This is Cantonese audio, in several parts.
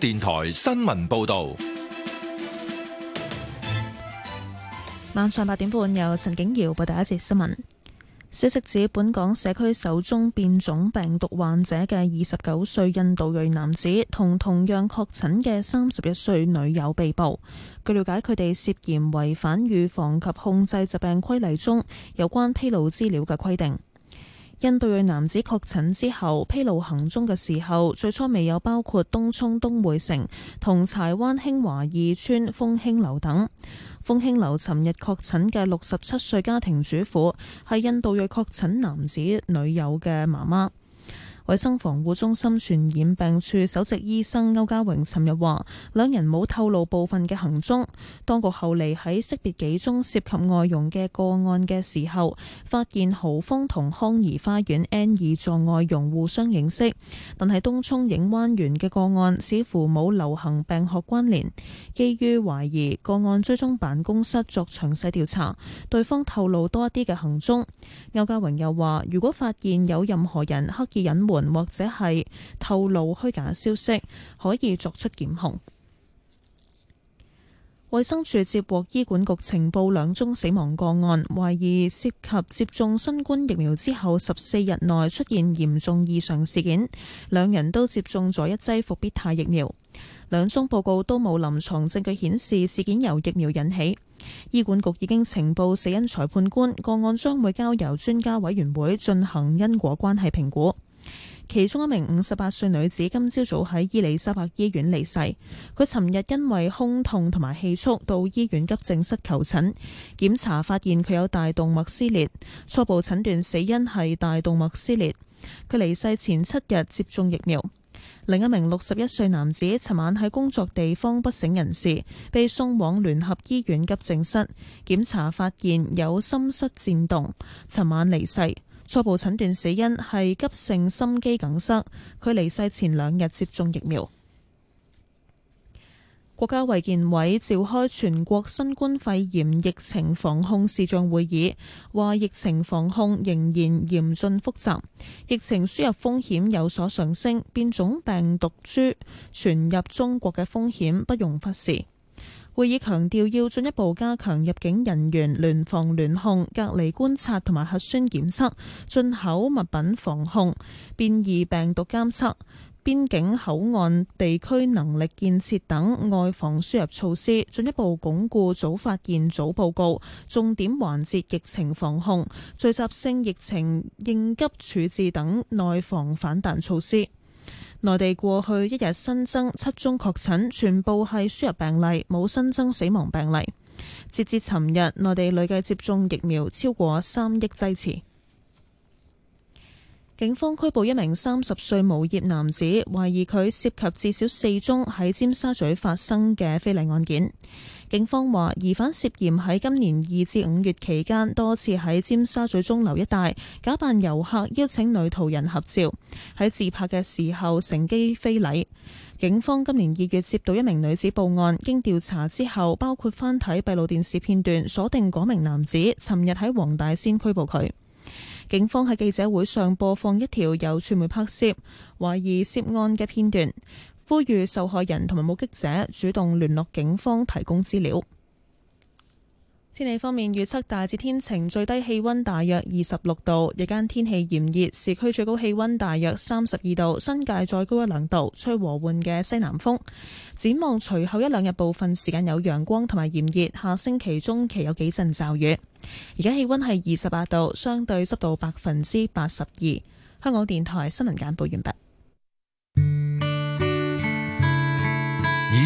電台新聞報道，晚上八點半由陳景瑤報道一節新聞。消息指，本港社區首宗變種病毒患者嘅二十九歲印度裔男子同同樣確診嘅三十一歲女友被捕。據了解，佢哋涉嫌違反預防及控制疾病規例中有關披露資料嘅規定。印度裔男子確診之後披露行蹤嘅時候，最初未有包括東涌東薈城同柴灣興華二邨豐興樓等。豐興樓尋日確診嘅六十七歲家庭主婦係印度裔確診男子女友嘅媽媽。衛生防護中心傳染病處首席醫生歐家榮尋日話：兩人冇透露部分嘅行蹤。當局後嚟喺識別幾宗涉及外傭嘅個案嘅時候，發現豪峰同康怡花園 N 二座外傭互相認識，但係東涌影灣園嘅個案似乎冇流行病學關聯。基於懷疑，個案追蹤辦公室作詳細調查，對方透露多一啲嘅行蹤。歐家榮又話：如果發現有任何人刻意隱瞞，或者係透露虛假消息，可以作出檢控。衛生署接獲醫管局情報，兩宗死亡個案懷疑涉及接種新冠疫苗之後十四日內出現嚴重異常事件，兩人都接種咗一劑複必泰疫苗。兩宗報告都冇臨牀證據顯示事件由疫苗引起。醫管局已經呈報死因裁判官，個案將會交由專家委員會進行因果關係評估。其中一名五十八歲女子今朝早喺伊利沙伯醫院離世。佢尋日因為胸痛同埋氣促到醫院急症室求診，檢查發現佢有大動脈撕裂，初步診斷死因係大動脈撕裂。佢離世前七日接種疫苗。另一名六十一歲男子尋晚喺工作地方不省人事，被送往聯合醫院急症室檢查，發現有心室顫動，尋晚離世。初步診斷死因係急性心肌梗塞。佢離世前兩日接種疫苗。國家衛健委召開全國新冠肺炎疫情防控視像會議，話疫情防控仍然嚴峻複雜，疫情輸入風險有所上升，變種病毒株傳入中國嘅風險不容忽視。會議強調要進一步加強入境人員聯防聯控、隔離觀察同埋核酸檢測、進口物品防控、變異病毒監測、邊境口岸地區能力建設等外防輸入措施，進一步鞏固早發現、早報告、重點環節疫情防控、聚集性疫情應急處置等內防反彈措施。內地過去一日新增七宗確診，全部係輸入病例，冇新增死亡病例。截至尋日，內地累計接種疫苗超過三億劑次。警方拘捕一名三十歲無業男子，懷疑佢涉及至少四宗喺尖沙咀發生嘅非禮案件。警方話，疑犯涉嫌喺今年二至五月期間多次喺尖沙咀鐘樓一帶假扮遊客，邀請女途人合照，喺自拍嘅時候乘機非禮。警方今年二月接到一名女子報案，經調查之後，包括翻睇閉路電視片段，鎖定嗰名男子。尋日喺黃大仙拘捕佢。警方喺記者會上播放一條有傳媒拍攝，懷疑涉案嘅片段。呼籲受害人同埋目擊者主動聯絡警方提供資料。天氣方面預測大致天晴，最低氣溫大約二十六度，日間天氣炎熱，市區最高氣溫大約三十二度，新界再高一兩度，吹和緩嘅西南風。展望隨後一兩日部分時間有陽光同埋炎熱，下星期中期有幾陣驟雨。而家氣溫係二十八度，相對濕度百分之八十二。香港電台新聞簡報完畢。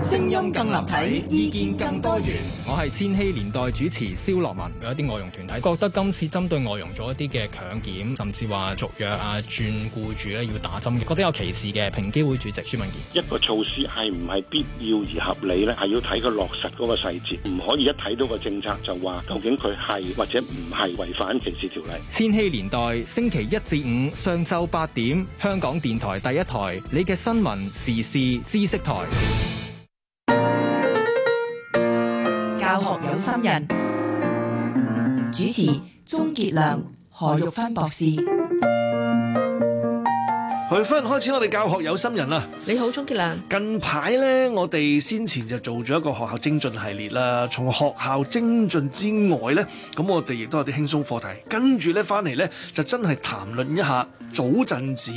聲音更立體，意見更多元。我係千禧年代主持蕭樂文。有一啲外傭團體覺得今次針對外傭做一啲嘅強檢，甚至話續約啊，轉雇主咧要打針，覺得有歧視嘅。平機會主席朱敏健，一個措施係唔係必要而合理咧，係要睇佢落實嗰個細節，唔可以一睇到一個政策就話究竟佢係或者唔係違反歧視條例。千禧年代星期一至五上晝八點，香港電台第一台，你嘅新聞時事知識台。有心人，主持鍾傑良、何玉芬博士。歡迎開始我哋教學有心人啊！你好，鍾傑良。近排咧，我哋先前就做咗一個學校精進系列啦。從學校精進之外咧，咁我哋亦都有啲輕鬆課題。跟住咧翻嚟咧，就真係談論一下早陣子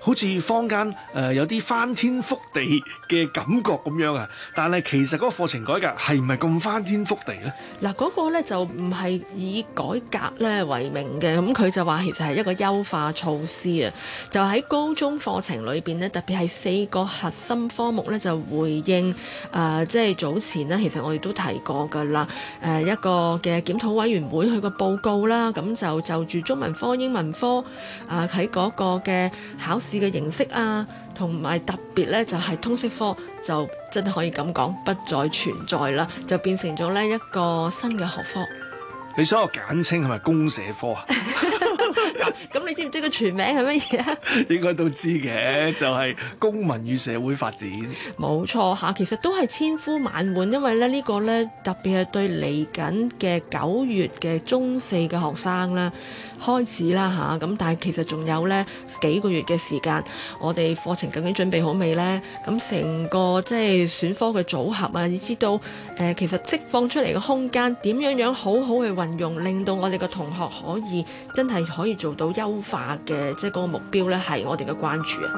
好似坊間誒、呃、有啲翻天覆地嘅感覺咁樣啊。但係其實嗰個課程改革係唔係咁翻天覆地咧？嗱，嗰個咧就唔係以改革咧為名嘅，咁佢就話其實係一個優化措施啊。就喺高中課程裏邊呢，特別係四個核心科目呢，就回應誒、呃，即係早前呢，其實我哋都提過噶啦。誒、呃，一個嘅檢討委員會佢個報告啦，咁就就住中文科、英文科啊，喺、呃、嗰個嘅考試嘅形式啊，同埋特別呢就係通識科就真係可以咁講不再存在啦，就變成咗呢一個新嘅學科。你想我簡稱係咪公社科啊？ 咁 你知唔知個全名係乜嘢？啊？ 應該都知嘅，就係、是、公民與社會發展。冇錯吓，其實都係千呼萬喚，因為咧呢個咧特別係對嚟緊嘅九月嘅中四嘅學生咧開始啦吓，咁但係其實仲有咧幾個月嘅時間，我哋課程究竟準備好未呢？咁成個即係選科嘅組合啊，以至到誒，其實釋放出嚟嘅空間點樣樣好好去運用，令到我哋嘅同學可以真係可以做。到優化嘅即係嗰個目標咧，係我哋嘅關注啊！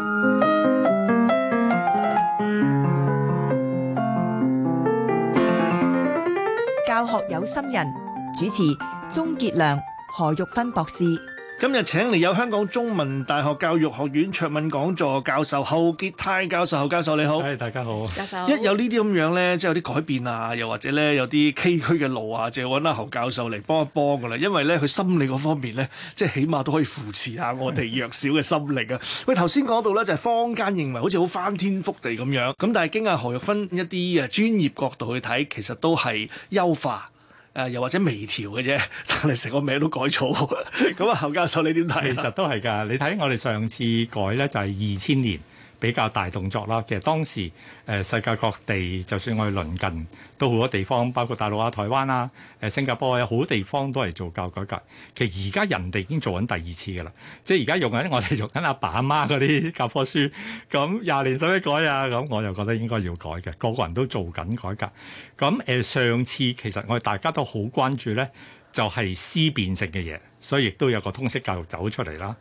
教學有心人主持：鍾傑良、何玉芬博士。今日請嚟有香港中文大學教育學院卓敏講座教授侯傑泰教授，侯教授你好。誒，大家好。教授一有呢啲咁樣咧，即係有啲改變啊，又或者咧有啲崎嶇嘅路啊，就要揾阿侯教授嚟幫一幫㗎啦。因為咧，佢心理嗰方面咧，即係起碼都可以扶持下我哋弱小嘅心靈啊。喂的，頭先講到咧，就係、坊間認為好似好翻天覆地咁樣，咁但係經阿何玉芬一啲啊專業角度去睇，其實都係優化。誒、呃、又或者微調嘅啫，但係成個名都改錯。咁 啊，侯教授你點睇？其實都係㗎，你睇我哋上次改咧就係二千年。比較大動作啦，其實當時誒、呃、世界各地，就算我哋鄰近都好多地方，包括大陸啊、台灣啊、誒新加坡啊，好多地方都係做教育改革。其實而家人哋已經做緊第二次嘅啦，即係而家用緊我哋用緊阿爸阿媽嗰啲教科書，咁廿年使咩改啊？咁我又覺得應該要改嘅，個個人都做緊改革。咁誒、呃、上次其實我哋大家都好關注咧。就係思辨性嘅嘢，所以亦都有個通識教育走出嚟啦。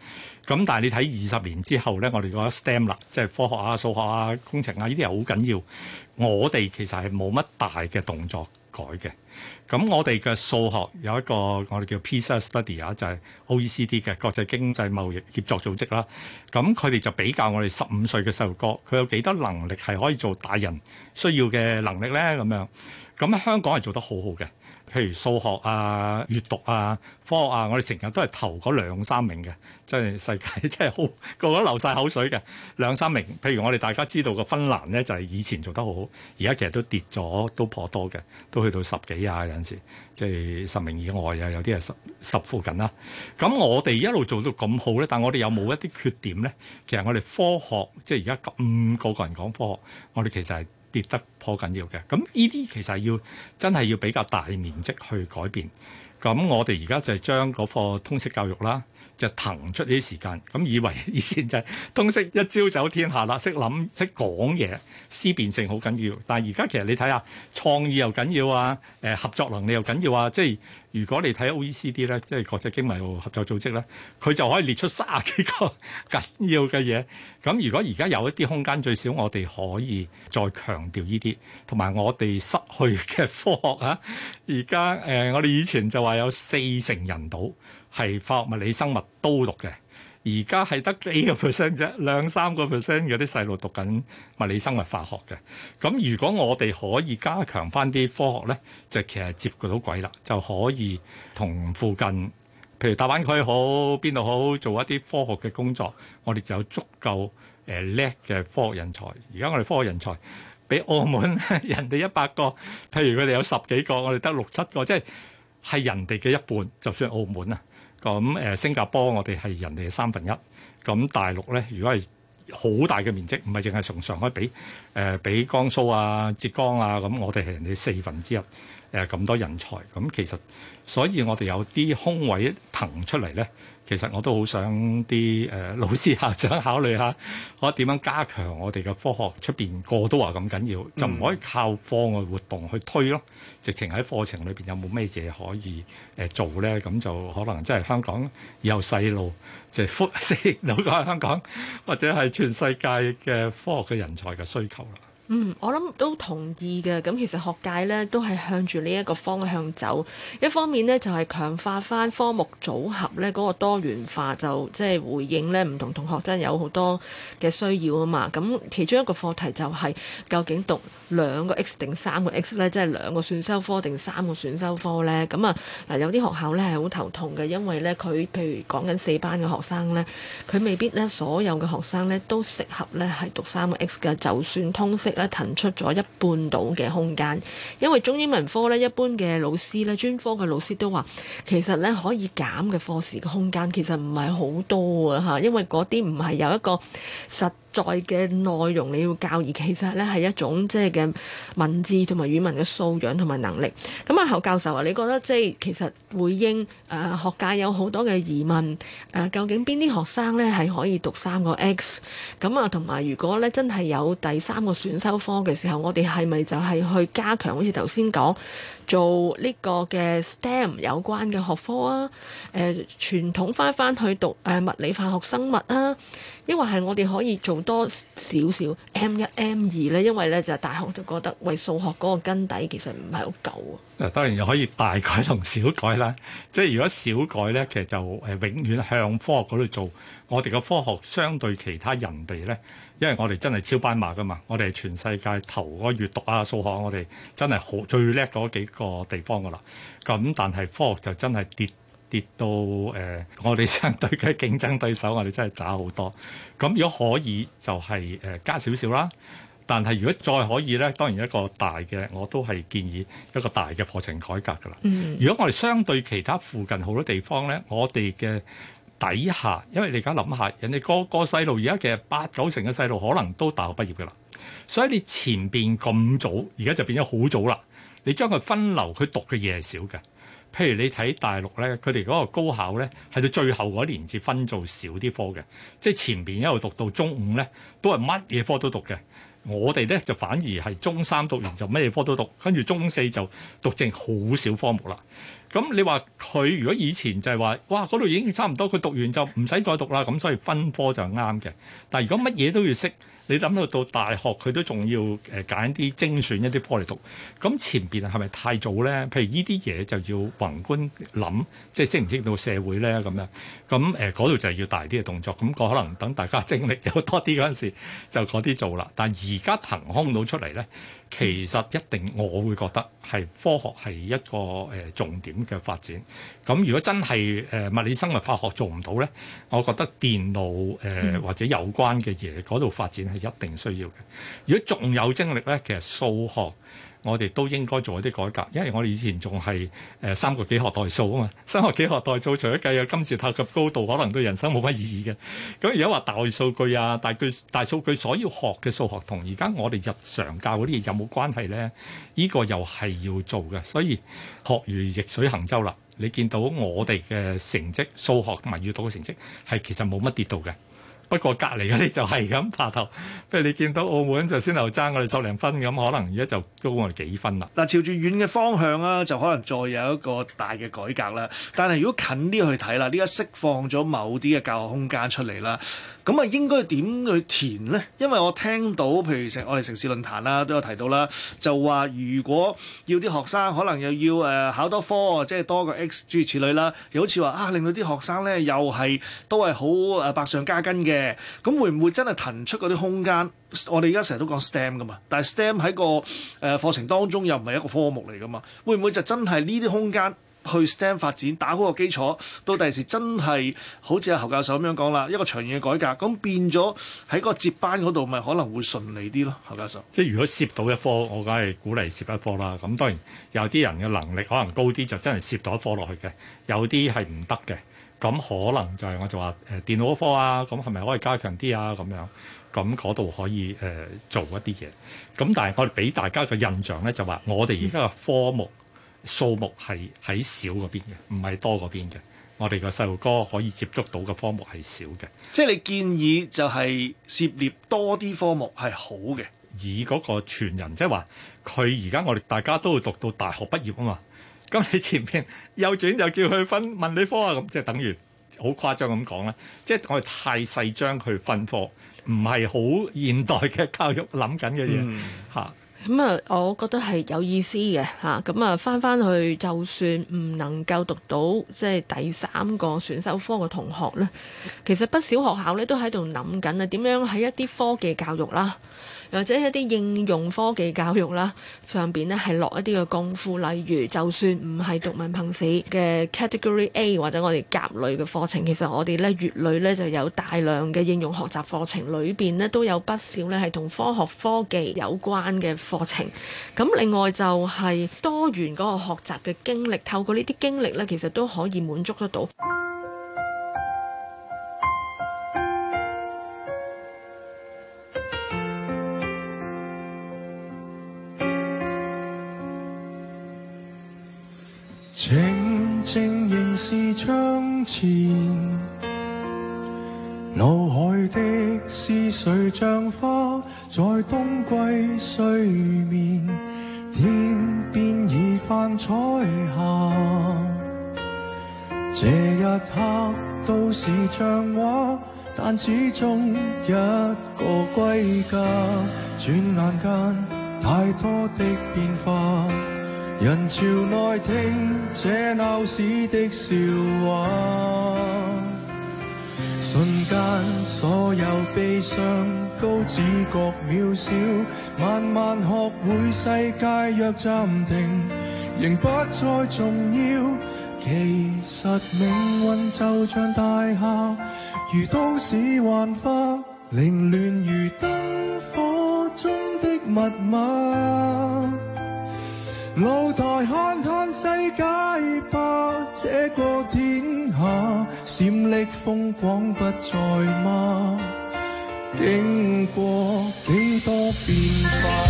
咁但係你睇二十年之後咧，我哋覺得 STEM 啦，即係科學啊、數學啊、工程啊呢啲係好緊要。我哋其實係冇乜大嘅動作改嘅。咁我哋嘅數學有一個我哋叫 PISA Study 啊，就係 OECD 嘅國際經濟貿易協作組織啦。咁佢哋就比較我哋十五歲嘅細路哥，佢有幾多能力係可以做大人需要嘅能力咧？咁樣咁香港係做得好好嘅。譬如數學啊、閱讀啊、科學啊，我哋成日都係頭嗰兩三名嘅，即係世界真係好個個都流晒口水嘅兩三名。譬如我哋大家知道個芬蘭呢，就係、是、以前做得好好，而家其實都跌咗都頗多嘅，都去到十幾啊有陣時，即係十名以外啊，有啲係十十附近啦、啊。咁我哋一路做到咁好咧，但我哋有冇一啲缺點咧？其實我哋科學即係而家咁個個人講科學，我哋其實係跌得頗緊要嘅，咁呢啲其實要真係要比較大面積去改變。咁我哋而家就係將嗰課通識教育啦，就騰出呢啲時間。咁以為以前就係通識一朝走天下啦，識諗識講嘢，思辨性好緊要。但係而家其實你睇下，創意又緊要啊，誒合作能力又緊要啊，即係。如果你睇 O E C D 咧，即係國際經濟合作組織咧，佢就可以列出卅幾個緊要嘅嘢。咁如果而家有一啲空間，最少我哋可以再強調呢啲，同埋我哋失去嘅科學啊！而家誒，我哋以前就話有四成人到係化學、物理、生物都讀嘅。而家係得幾個 percent 啫，兩三個 percent 嗰啲細路讀緊物理、生物、化學嘅。咁如果我哋可以加強翻啲科學咧，就其實接過到軌啦，就可以同附近，譬如大灣區好，邊度好，做一啲科學嘅工作。我哋就有足夠誒叻嘅科學人才。而家我哋科學人才比澳門人哋一百個，譬如佢哋有十幾個，我哋得六七個，即係係人哋嘅一半。就算澳門啊。咁誒，新加坡我哋係人哋三分一，咁大陸咧，如果係好大嘅面積，唔係淨係從上海比，誒、呃，比江蘇啊、浙江啊，咁我哋係人哋四分之一。誒咁、呃、多人才，咁、嗯、其實所以我哋有啲空位騰出嚟咧，其實我都好想啲誒、呃、老師校長考慮下，我點樣加強我哋嘅科學出面，個個都話咁緊要，就唔可以靠課外活動去推咯、呃。直情喺課程裏邊有冇咩嘢可以誒、呃、做咧？咁就可能即係香港以後細路，即係復細路講香港，或者係全世界嘅科學嘅人才嘅需求啦。嗯，我諗都同意嘅。咁其實學界咧都係向住呢一個方向走。一方面咧就係強化翻科目組合咧個多元化，就即係回應咧唔同同學真係有好多嘅需要啊嘛。咁其中一個課題就係究竟讀兩個 X 定三個 X 咧，即係兩個選修科定三個選修科咧？咁啊嗱，有啲學校咧係好頭痛嘅，因為咧佢譬如講緊四班嘅學生咧，佢未必咧所有嘅學生咧都適合咧係讀三個 X 嘅，就算通識。咧騰出咗一半度嘅空間，因為中英文科咧一般嘅老師咧，專科嘅老師都話，其實咧可以減嘅課時嘅空間其實唔係好多啊吓，因為嗰啲唔係有一個實實在嘅內容你要教而其實咧係一種即係嘅文字同埋語文嘅素養同埋能力。咁啊，侯教授啊，你覺得即係其實回應誒、呃、學界有好多嘅疑問誒、呃，究竟邊啲學生咧係可以讀三個 X？咁啊，同埋如果咧真係有第三個選修科嘅時候，我哋係咪就係去加強，好似頭先講做呢個嘅 STEM 有關嘅學科啊？誒、呃，傳統翻一翻去讀誒、呃、物理化學生物啊？因為係我哋可以做多少少 M 一 M 二咧，因為咧就係、大學就覺得喂，數學嗰個根底其實唔係好夠啊。嗱當然又可以大改同小改啦，即係如果小改咧，其實就誒永遠向科學嗰度做。我哋嘅科學相對其他人哋咧，因為我哋真係超班馬噶嘛，我哋係全世界頭嗰個閱讀啊、數學我，我哋真係好最叻嗰幾個地方噶啦。咁但係科學就真係跌。跌到誒、呃，我哋相對嘅競爭對手，我哋真係渣好多。咁如果可以，就係、是、誒、呃、加少少啦。但係如果再可以咧，當然一個大嘅我都係建議一個大嘅課程改革㗎啦。嗯、如果我哋相對其他附近好多地方咧，我哋嘅底下，因為你而家諗下，人哋個個細路而家其實八九成嘅細路可能都大學畢業㗎啦。所以你前面咁早，而家就變咗好早啦。你將佢分流，佢讀嘅嘢係少嘅。譬如你睇大陸咧，佢哋嗰個高考咧，係到最後嗰年至分做少啲科嘅，即係前面一邊一路讀到中五咧，都係乜嘢科都讀嘅。我哋咧就反而係中三讀完就乜嘢科都讀，跟住中四就讀剩好少科目啦。咁你話佢如果以前就係話，哇嗰度已經差唔多，佢讀完就唔使再讀啦，咁所以分科就啱嘅。但係如果乜嘢都要識，你諗到到大學佢都仲要誒揀啲精選一啲科嚟讀。咁前邊係咪太早咧？譬如呢啲嘢就要宏觀諗，即係識唔識到社會咧咁樣。咁誒嗰度就係要大啲嘅動作。咁我可能等大家精力有多啲嗰陣時，就嗰啲做啦。但係而家騰空到出嚟咧。其實一定，我會覺得係科學係一個誒、呃、重點嘅發展。咁如果真係誒物理、生物、化學做唔到咧，我覺得電腦誒、呃嗯、或者有關嘅嘢嗰度發展係一定需要嘅。如果仲有精力咧，其實數學。我哋都應該做一啲改革，因為我哋以前仲係誒三個幾學代數啊嘛，三個幾學代數，除咗計有金字塔嘅高度，可能對人生冇乜意義嘅。咁而家話大數據啊，大巨大數據所要學嘅數學同而家我哋日常教嗰啲嘢有冇關係咧？呢個又係要做嘅，所以學如逆水行舟啦。你見到我哋嘅成績，數學同埋閱讀嘅成績係其實冇乜跌度嘅。不過隔離嗰啲就係咁爬頭，不如你見到澳門就先頭爭我哋十零分咁，可能而家就高我哋幾分啦。嗱，朝住遠嘅方向啦、啊，就可能再有一個大嘅改革啦。但係如果近啲去睇啦，呢家釋放咗某啲嘅教學空間出嚟啦，咁啊應該點去填呢？因為我聽到譬如成我哋城市論壇啦、啊、都有提到啦，就話如果要啲學生可能又要誒考多科，即係多個 XG 之類啦，又好似話啊，令到啲學生咧又係都係好誒百上加斤嘅。咁會唔會真係騰出嗰啲空間？我哋而家成日都講 STEM 㗎嘛，但係 STEM 喺個誒課程當中又唔係一個科目嚟㗎嘛。會唔會就真係呢啲空間去 STEM 發展，打好個基礎，到第時真係好似阿侯教授咁樣講啦，一個長遠嘅改革，咁變咗喺嗰個接班嗰度，咪可能會順利啲咯，侯教授。即係如果涉到一科，我梗係鼓勵涉一科啦。咁當然有啲人嘅能力可能高啲，就真係涉到一科落去嘅，有啲係唔得嘅。咁可能就係我就話誒電腦科啊，咁係咪可以加強啲啊？咁樣咁嗰度可以誒、呃、做一啲嘢。咁但係我哋俾大家嘅印象咧，就話我哋而家嘅科目數、嗯、目係喺少嗰邊嘅，唔係多嗰邊嘅。我哋個細路哥可以接觸到嘅科目係少嘅。即係你建議就係涉獵多啲科目係好嘅，以嗰個全人，即係話佢而家我哋大家都會讀到大學畢業啊嘛。咁你前邊右轉就叫佢分文理科啊，咁即係等於好誇張咁講啦，即係我哋太細將佢分科，唔係好現代嘅教育諗緊嘅嘢嚇。咁、嗯、啊、嗯，我覺得係有意思嘅嚇。咁啊，翻、嗯、翻去就算唔能夠讀到即係第三個選修科嘅同學咧，其實不少學校咧都喺度諗緊啊，點樣喺一啲科技教育啦。或者一啲應用科技教育啦，上邊咧係落一啲嘅功夫。例如，就算唔係讀文憑試嘅 Category A 或者我哋甲類嘅課程，其實我哋咧乙類咧就有大量嘅應用學習課程，裏邊咧都有不少咧係同科學科技有關嘅課程。咁另外就係多元嗰個學習嘅經歷，透過呢啲經歷咧，其實都可以滿足得到。是窗前，腦海的是誰像花，在冬季睡眠，天邊已泛彩霞。這一刻都是像畫，但始終一個歸家。轉眼間，太多的變化。人潮內聽這鬧市的笑話，瞬間所有悲傷都只覺渺小。慢慢學會世界若暫停，仍不再重要。其實命運就像大廈，如都市幻化，凌亂如燈火中的密碼。露台看看世界吧，這個天下閃爍風光不再嗎？經過幾多變化。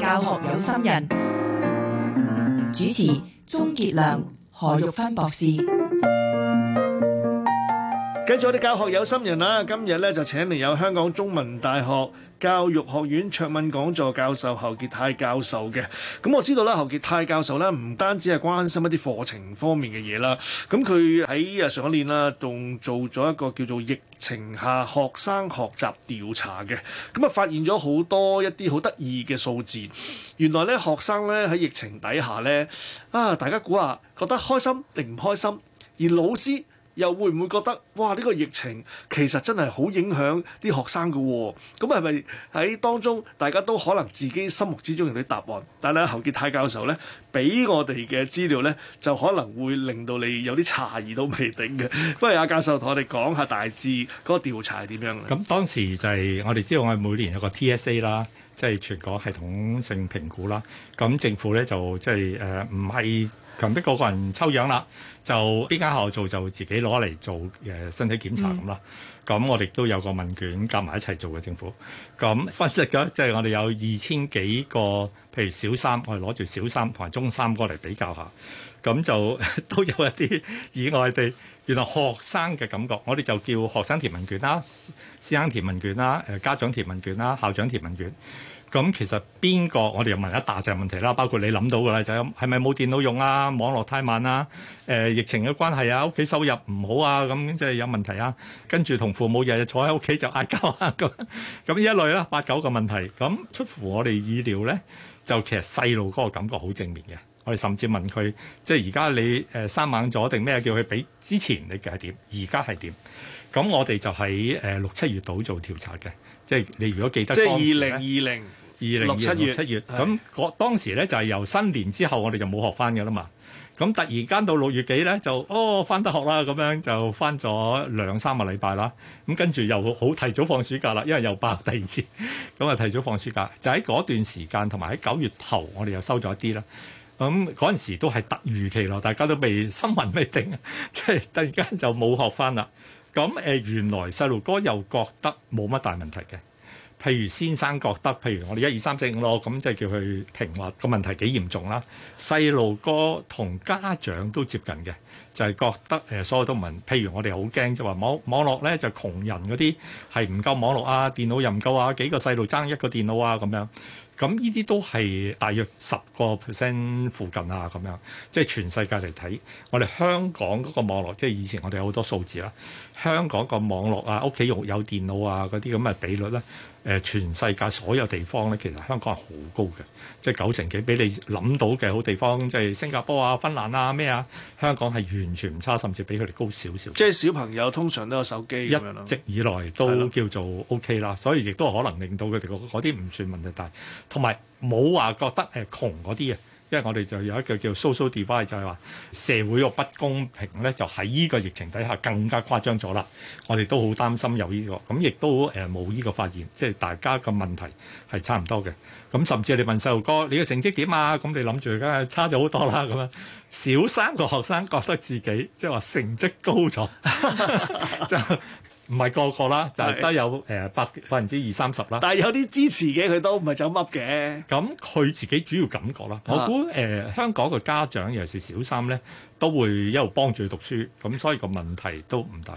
教學有心人，主持鍾傑良、何玉芬博士。跟住我哋教學有心人啦，今日咧就請嚟有香港中文大學教育學院卓敏講座教授侯傑泰教授嘅。咁、嗯、我知道啦，侯傑泰教授咧唔單止係關心一啲課程方面嘅嘢啦，咁佢喺啊上一年啊仲做咗一個叫做疫情下學生學習調查嘅，咁、嗯、啊發現咗好多一啲好得意嘅數字。原來咧學生咧喺疫情底下咧啊，大家估下覺得開心定唔開心？而老師，又會唔會覺得哇，呢、這個疫情其實真係好影響啲學生噶喎、啊。咁係咪喺當中大家都可能自己心目之中有啲答案，但係阿侯傑泰教授咧俾我哋嘅資料咧，就可能會令到你有啲詫異都未定嘅。不如阿教授，同我哋講下大致嗰個調查係點樣嘅？咁當時就係、是、我哋知道，我哋每年有個 TSA 啦，即係全港系統性評估啦。咁政府咧就即係誒唔係，呃強逼個個人抽樣啦，就邊間學校做就自己攞嚟做誒身體檢查咁啦。咁、嗯、我哋都有個問卷夾埋一齊做嘅政府。咁分析嘅即係我哋有二千幾個，譬如小三，我哋攞住小三同埋中三過嚟比較下，咁就都有一啲意外地，原來學生嘅感覺。我哋就叫學生填問卷啦，師生填問卷啦，誒家長填問卷啦，校長填問卷。咁其實邊個我哋又問一大隻問題啦，包括你諗到嘅啦，就係係咪冇電腦用啊，網絡太慢啊，誒、呃、疫情嘅關係啊，屋企收入唔好啊，咁即係有問題啊。跟住同父母日日坐喺屋企就嗌交啊，咁咁呢一類啦，八九個問題。咁出乎我哋意料咧，就其實細路嗰個感覺好正面嘅。我哋甚至問佢，即係而家你誒生猛咗定咩？叫佢比之前你係點？而家係點？咁我哋就喺誒六七月度做調查嘅，即係你如果記得，即係二零二零。二零二七月，咁嗰是當時咧就係、是、由新年之後，我哋就冇學返嘅啦嘛。咁突然間到六月幾咧，就哦返得學啦，咁樣就返咗兩三個禮拜啦。咁跟住又好提早放暑假啦，因為又爆第二次，咁 啊、嗯、提早放暑假。就喺嗰段時間同埋喺九月頭，我哋又收咗啲啦。咁嗰陣時都係突如其來，大家都未新魂未定即係、就是、突然間就冇學返啦。咁誒、呃、原來細路哥又覺得冇乜大問題嘅。譬如先生覺得，譬如我哋一二三四五咯，咁即係叫佢停落個問題幾嚴重啦。細路哥同家長都接近嘅，就係、是、覺得誒、呃，所有都唔係。譬如我哋好驚即話網網絡咧，就是、窮人嗰啲係唔夠網絡啊，電腦又唔夠啊，幾個細路爭一個電腦啊咁樣。咁呢啲都係大約十個 percent 附近啊，咁樣即係全世界嚟睇，我哋香港嗰個網絡即係以前我哋有好多數字啦。香港個網絡啊，屋企用有電腦啊嗰啲咁嘅比率咧，誒，全世界所有地方咧，其實香港係好高嘅，即係九成幾俾你諗到嘅好地方，即係新加坡啊、芬蘭啊、咩啊，香港係完全唔差，甚至比佢哋高少少。即係小朋友通常都有手機咁樣咯。一直以來都叫做 OK 啦，的所以亦都可能令到佢哋嗰啲唔算問題大，同埋冇話覺得誒窮嗰啲嘅。因為我哋就有一個叫 social divide，就係話社會個不公平咧，就喺呢個疫情底下更加誇張咗啦。我哋都好擔心有呢個，咁亦都誒冇呢個發現，即係大家個問題係差唔多嘅。咁甚至你問細路哥你嘅成績點啊？咁你諗住梗係差咗好多啦。咁樣小三個學生覺得自己即係話成績高咗 就。唔係個個啦，就係、是、得有誒百百分之二三十啦。呃、8, 2, 30, 但係有啲支持嘅，佢都唔係走乜嘅。咁佢自己主要感覺啦，我估誒、呃、香港嘅家長尤其是小三咧，都會一路幫住佢讀書，咁所以個問題都唔大。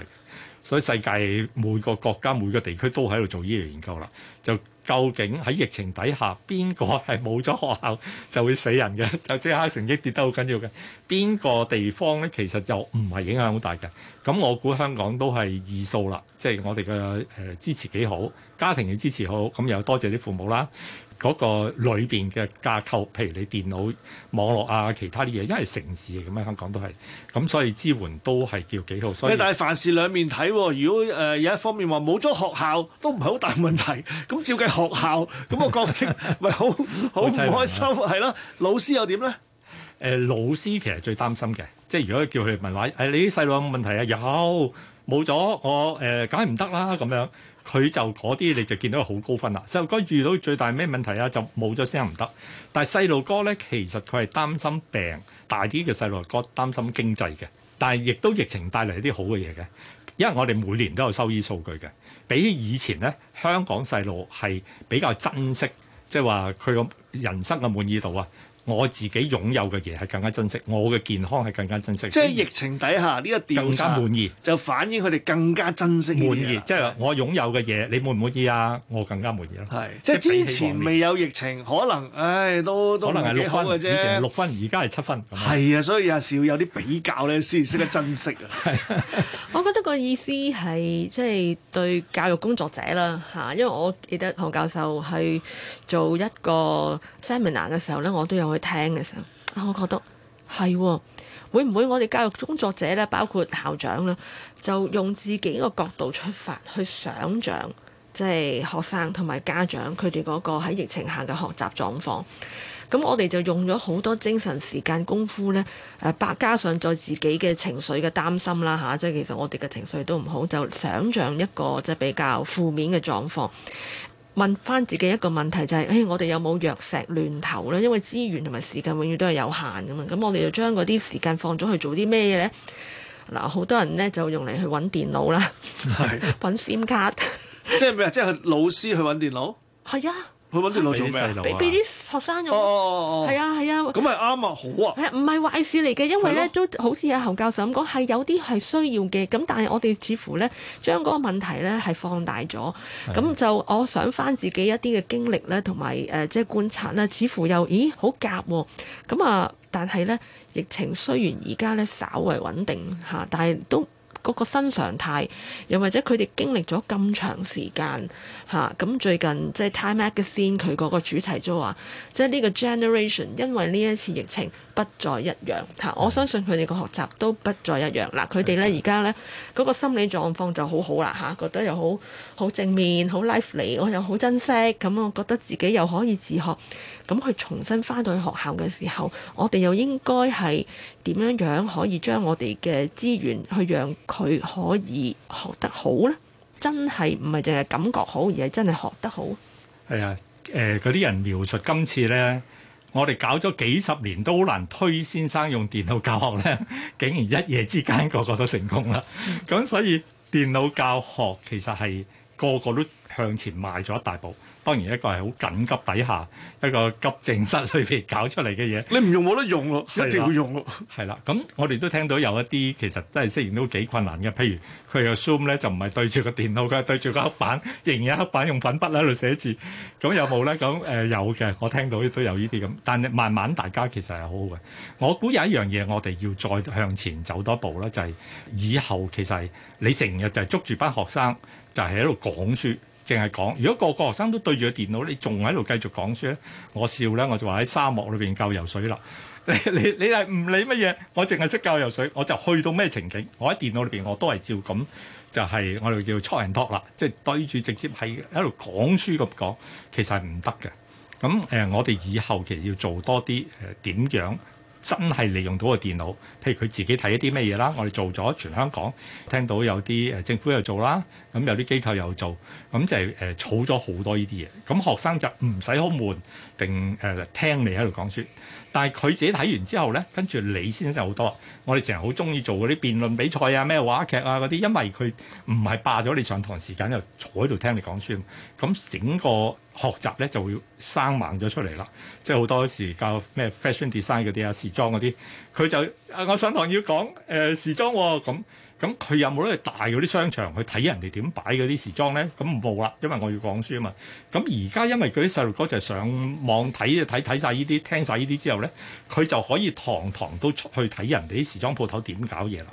所以世界每個國家每個地區都喺度做醫療研究啦，就究竟喺疫情底下邊個係冇咗學校就會死人嘅？ 就即刻成績跌得好緊要嘅，邊個地方咧其實又唔係影響好大嘅？咁我估香港都係二數啦，即係我哋嘅誒支持幾好，家庭嘅支持好，咁又多謝啲父母啦。嗰個裏邊嘅架構，譬如你電腦網絡啊，其他啲嘢，因為城市咁樣，香港都係，咁所以支援都係叫幾好。所以，但係凡事兩面睇，啊，如果誒有一方面話冇咗學校都唔係好大問題，咁照計學校咁，那個角色咪好好唔開心，係咯、 啊啊？老師又點咧？誒、呃，老師其實最擔心嘅，即係如果叫佢問話誒、哎，你啲細路有冇問題啊？有。冇咗我誒，梗係唔得啦咁樣。佢就嗰啲你就見到佢好高分啦。細路哥遇到最大咩問題啊？就冇咗聲唔得。但係細路哥咧，其實佢係擔心病，大啲嘅細路哥擔心經濟嘅，但係亦都疫情帶嚟啲好嘅嘢嘅，因為我哋每年都有收醫數據嘅，比起以前咧，香港細路係比較珍惜，即係話佢個人生嘅滿意度啊。我自己擁有嘅嘢係更加珍惜，我嘅健康係更加珍惜。即係疫情底下呢一個調查更加滿意，就反映佢哋更加珍惜。滿意，即、就、係、是、我擁有嘅嘢，你滿唔滿意啊？我更加滿意咯。係是，即係之前未有疫情，可能唉、哎、都都幾好嘅啫。以前六分，而家係七分。係啊，所以有時要有啲比較咧，先識 得珍惜啊。 我覺得個意思係即係對教育工作者啦嚇，因為我記得何教授係做一個 seminar 嘅時候咧，我都有。去聽嘅時候，我覺得係會唔會我哋教育工作者咧，包括校長啦，就用自己個角度出發去想象即係學生同埋家長佢哋嗰個喺疫情下嘅學習狀況。咁我哋就用咗好多精神時間功夫咧，誒，再加上在自己嘅情緒嘅擔心啦吓，即係其實我哋嘅情緒都唔好，就想象一個即係比較負面嘅狀況。問翻自己一個問題就係、是，誒、欸、我哋有冇藥石亂投咧？因為資源同埋時間永遠都係有限噶嘛。咁我哋就將嗰啲時間放咗去做啲咩嘢咧？嗱，好多人咧就用嚟去揾電腦啦，揾 SIM 卡， 即係咩？即係老師去揾電腦？係 啊。去揾啲老做咩啊？俾俾啲學生用，係啊係啊，咁咪啱啊，啊，啊，啊好啊，係啊，唔係壞事嚟嘅？因為咧的都好似阿侯教授咁講，係有啲係需要嘅。咁但係我哋似乎咧將嗰個問題咧係放大咗。咁的就我想翻自己一啲嘅經歷咧，同埋誒即係觀察咧，似乎又咦好夾喎。咁啊，但係咧疫情雖然而家咧稍為穩定嚇，但係都。嗰個新常態，又或者佢哋經歷咗咁長時間，嚇、啊、咁最近即係、就是、Time Magazine 佢嗰個主題就話，即係呢個 generation 因為呢一次疫情。不再一樣，嗱，我相信佢哋嘅學習都不再一樣。嗱，佢哋咧而家咧嗰個心理狀況就好好啦，嚇，覺得又好好正面，好 lively，我又好珍惜。咁，我覺得自己又可以自學。咁去重新返到去學校嘅時候，我哋又應該係點樣樣可以將我哋嘅資源去讓佢可以學得好呢？真係唔係淨係感覺好，而係真係學得好。係啊，誒、呃，啲人描述今次呢。我哋搞咗幾十年都好難推先生用電腦教學咧，竟然一夜之間個個都成功啦！咁所以電腦教學其實係。個個都向前邁咗一大步，當然一個係好緊急底下一個急症室裏邊搞出嚟嘅嘢，你唔用冇得用咯，的一定要用咯。係啦，咁我哋都聽到有一啲其實真係雖然都幾困難嘅，譬如佢用 Zoom 咧，就唔係對住個電腦，佢係對住個黑板，仍然黑板用粉筆喺度寫字。咁有冇咧？咁誒、呃、有嘅，我聽到都有呢啲咁，但係慢慢大家其實係好好嘅。我估有一樣嘢，我哋要再向前走多步咧，就係、是、以後其實你成日就係捉住班學生。就係喺度講書，淨係講。如果個個學生都對住個電腦，你仲喺度繼續講書咧，我笑咧，我就話喺沙漠裏邊教游水啦。你你你係唔理乜嘢，我淨係識教游水，我就去到咩情景，我喺電腦裏邊我都係照咁，就係我哋叫 chalk and talk 啦，即係對住直接係喺度講書咁講，其實係唔得嘅。咁誒、呃，我哋以後其實要做多啲誒點樣？真係利用到個電腦，譬如佢自己睇一啲咩嘢啦，我哋做咗全香港，聽到有啲誒政府又做啦，咁有啲機構又做，咁就係誒儲咗好多呢啲嘢，咁學生就唔使好悶，定誒、呃、聽你喺度講書。但係佢自己睇完之後咧，跟住你先識好多。我哋成日好中意做嗰啲辯論比賽啊、咩話劇啊嗰啲，因為佢唔係霸咗你上堂時間，就坐喺度聽你講書。咁整個學習咧就會生猛咗出嚟啦。即係好多時教咩 fashion design 嗰啲啊、時裝嗰啲，佢就啊，我上堂要講誒、呃、時裝喎咁。咁佢有冇去大嗰啲商場去睇人哋點擺嗰啲時裝呢？咁唔冇啦，因為我要講書啊嘛。咁而家因為佢啲細路哥就係上網睇啊睇睇晒呢啲，聽晒呢啲之後呢，佢就可以堂堂都出去睇人哋啲時裝鋪頭點搞嘢啦。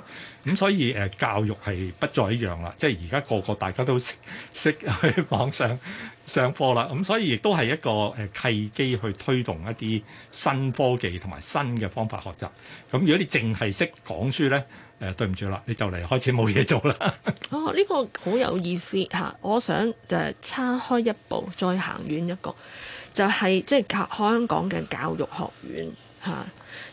咁、嗯、所以誒、呃、教育係不再一樣啦，即係而家個個大家都識識去網上上課啦。咁、嗯、所以亦都係一個誒契機去推動一啲新科技同埋新嘅方法學習。咁、嗯、如果你淨係識講書咧，誒、呃，對唔住啦，你就嚟開始冇嘢做啦。哦，呢、這個好有意思吓。我想就係差開一步再行遠一個，就係即係教香港嘅教育學院。吓、啊，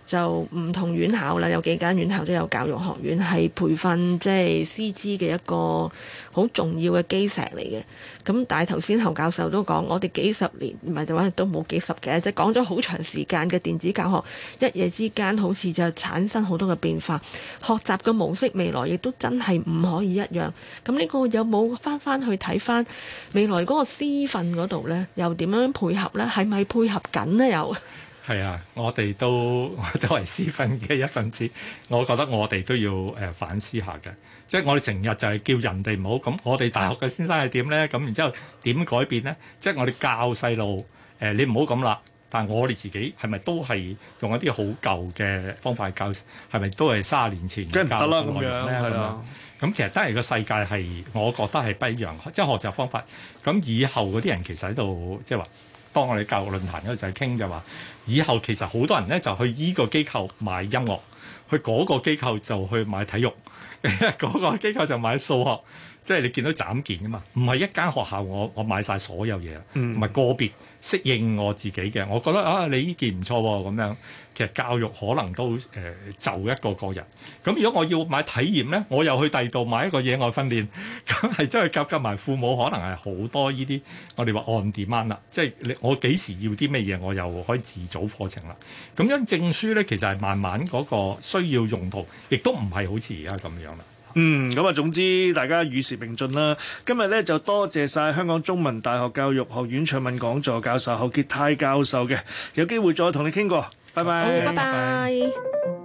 就唔同院校啦，有幾間院校都有教育學院，係培訓即係師資嘅一個好重要嘅基石嚟嘅。咁但係頭先侯教授都講，我哋幾十年唔係，話都冇幾十嘅，即係講咗好長時間嘅電子教學，一夜之間好似就產生好多嘅變化，學習嘅模式未來亦都真係唔可以一樣。咁呢個有冇翻翻去睇翻未來嗰個師訓嗰度呢？又點樣配合呢？係咪配合緊呢？又？係啊！我哋都作為師訓嘅一份子，我覺得我哋都要誒、呃、反思下嘅。即係我哋成日就係叫人哋唔好咁，我哋大學嘅先生係點咧？咁然之後點改變咧？即係我哋教細路誒，你唔好咁啦。但係我哋自己係咪都係用一啲好舊嘅方法教？係咪都係卅年前嘅教內容咧？係啊。咁樣其實真係個世界係我覺得係不一樣，即係學習方法。咁以後嗰啲人其實喺度即係話幫我哋教育論壇嗰個就係傾就話。以後其實好多人咧就去依個機構買音樂，去嗰個機構就去買體育，嗰 個機構就買數學，即係你見到斬件㗎嘛，唔係一間學校我我買晒所有嘢，唔係、嗯、個別。適應我自己嘅，我覺得啊，你依件唔錯咁樣。其實教育可能都誒、呃、就一個個人咁。如果我要買體驗咧，我又去第二度買一個野外訓練，咁係真係夾夾埋父母，可能係好多呢啲我哋話 on demand 啦，即係我幾時要啲咩嘢，我又可以自組課程啦。咁樣證書咧，其實係慢慢嗰個需要用途，亦都唔係好似而家咁樣啦。嗯，咁啊，總之大家與時並進啦。今日咧就多謝晒香港中文大學教育學院卓敏講座教授侯傑泰教授嘅，有機會再同你傾過，拜拜好。拜拜。